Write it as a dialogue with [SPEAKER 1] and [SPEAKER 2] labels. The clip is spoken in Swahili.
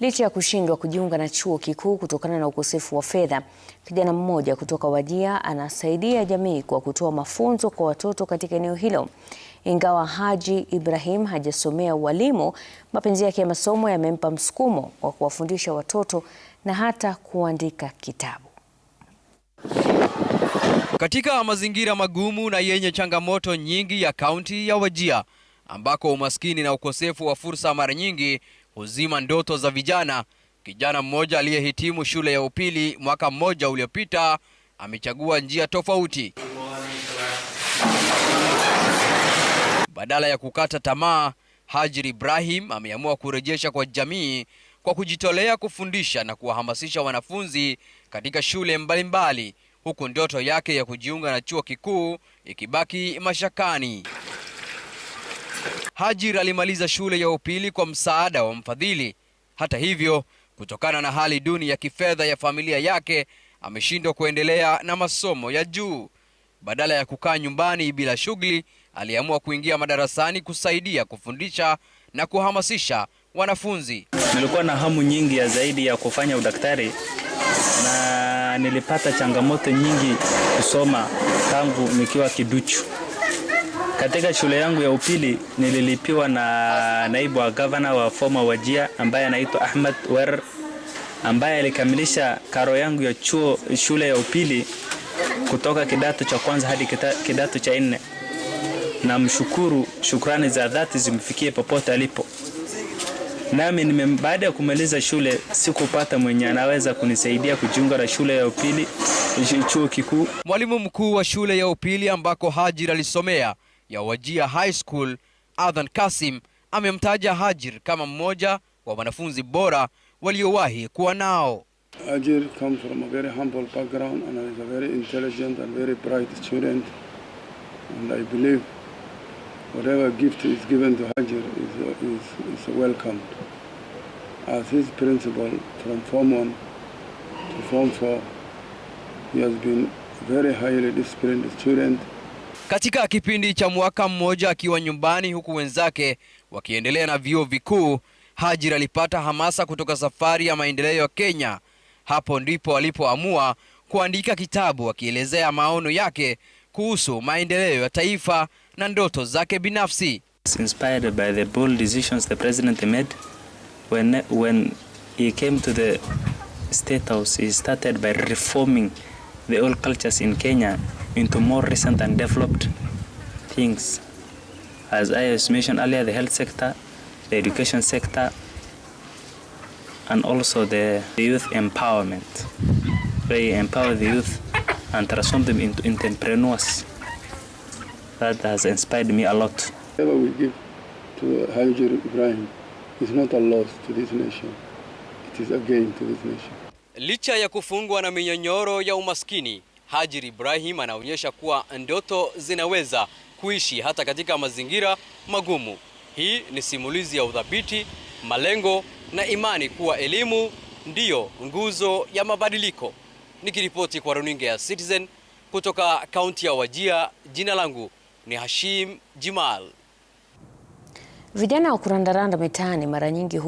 [SPEAKER 1] Licha ya kushindwa kujiunga na chuo kikuu kutokana na ukosefu wa fedha, kijana mmoja kutoka Wajia anasaidia jamii kwa kutoa mafunzo kwa watoto katika eneo hilo. Ingawa Haji Ibrahim hajasomea ualimu, mapenzi yake ya masomo yamempa msukumo wa kuwafundisha watoto na hata kuandika kitabu.
[SPEAKER 2] Katika mazingira magumu na yenye changamoto nyingi ya kaunti ya Wajia ambako umaskini na ukosefu wa fursa mara nyingi huzima ndoto za vijana. Kijana mmoja aliyehitimu shule ya upili mwaka mmoja uliopita amechagua njia tofauti. Badala ya kukata tamaa, Hajir Ibrahim ameamua kurejesha kwa jamii kwa kujitolea kufundisha na kuwahamasisha wanafunzi katika shule mbalimbali mbali, huku ndoto yake ya kujiunga na chuo kikuu ikibaki mashakani. Hajir alimaliza shule ya upili kwa msaada wa mfadhili. Hata hivyo, kutokana na hali duni ya kifedha ya familia yake, ameshindwa kuendelea na masomo ya juu. Badala ya kukaa nyumbani bila shughuli, aliamua kuingia madarasani kusaidia kufundisha na kuhamasisha wanafunzi.
[SPEAKER 3] Nilikuwa na hamu nyingi ya zaidi ya kufanya udaktari na nilipata changamoto nyingi kusoma tangu nikiwa kiduchu. Katika shule yangu ya upili nililipiwa na naibu wa gavana wa former Wajia ambaye anaitwa Ahmed Wer ambaye alikamilisha karo yangu ya chuo shule ya upili kutoka kidato cha kwanza hadi kidato cha nne. Namshukuru, shukrani za dhati zimfikie popote alipo. Nami nime baada ya kumaliza shule sikupata mwenye anaweza kunisaidia kujiunga na shule ya upili chuo kikuu.
[SPEAKER 2] Mwalimu mkuu wa shule ya upili ambako Hajir alisomea ya Wajia High School, Adhan Kasim amemtaja Hajir kama mmoja wa wanafunzi bora waliowahi kuwa nao.
[SPEAKER 4] Hajir comes from a very humble background and is a very intelligent and very bright student and I believe whatever gift is given to Hajir is, is, is welcomed as his principal from Form 1 to Form 4. He has been a very highly disciplined student
[SPEAKER 2] katika kipindi cha mwaka mmoja akiwa nyumbani huku wenzake wakiendelea na vyuo vikuu. Hajir alipata hamasa kutoka safari ya maendeleo ya Kenya. Hapo ndipo alipoamua kuandika kitabu akielezea maono yake kuhusu maendeleo ya taifa na ndoto zake binafsi.
[SPEAKER 5] Inspired by the bold decisions the president made when when he came to the state house he started by reforming the old cultures in Kenya into more recent and developed things. As I was mentioned earlier, the health sector, the education sector, and also the, the youth empowerment. They empower the youth and transform them into entrepreneurs. That has inspired me a lot.
[SPEAKER 4] Whatever we give to Hajar Ibrahim is not a loss to this nation. It is a gain to this nation.
[SPEAKER 2] Licha ya kufungwa na minyonyoro ya umaskini, Hajir Ibrahim anaonyesha kuwa ndoto zinaweza kuishi hata katika mazingira magumu. Hii ni simulizi ya udhabiti, malengo na imani kuwa elimu ndiyo nguzo ya mabadiliko. Nikiripoti kwa runinga ya Citizen kutoka kaunti ya Wajia, jina langu ni Hashim Jimal. Vijana wa kurandaranda mitaani mara nyingi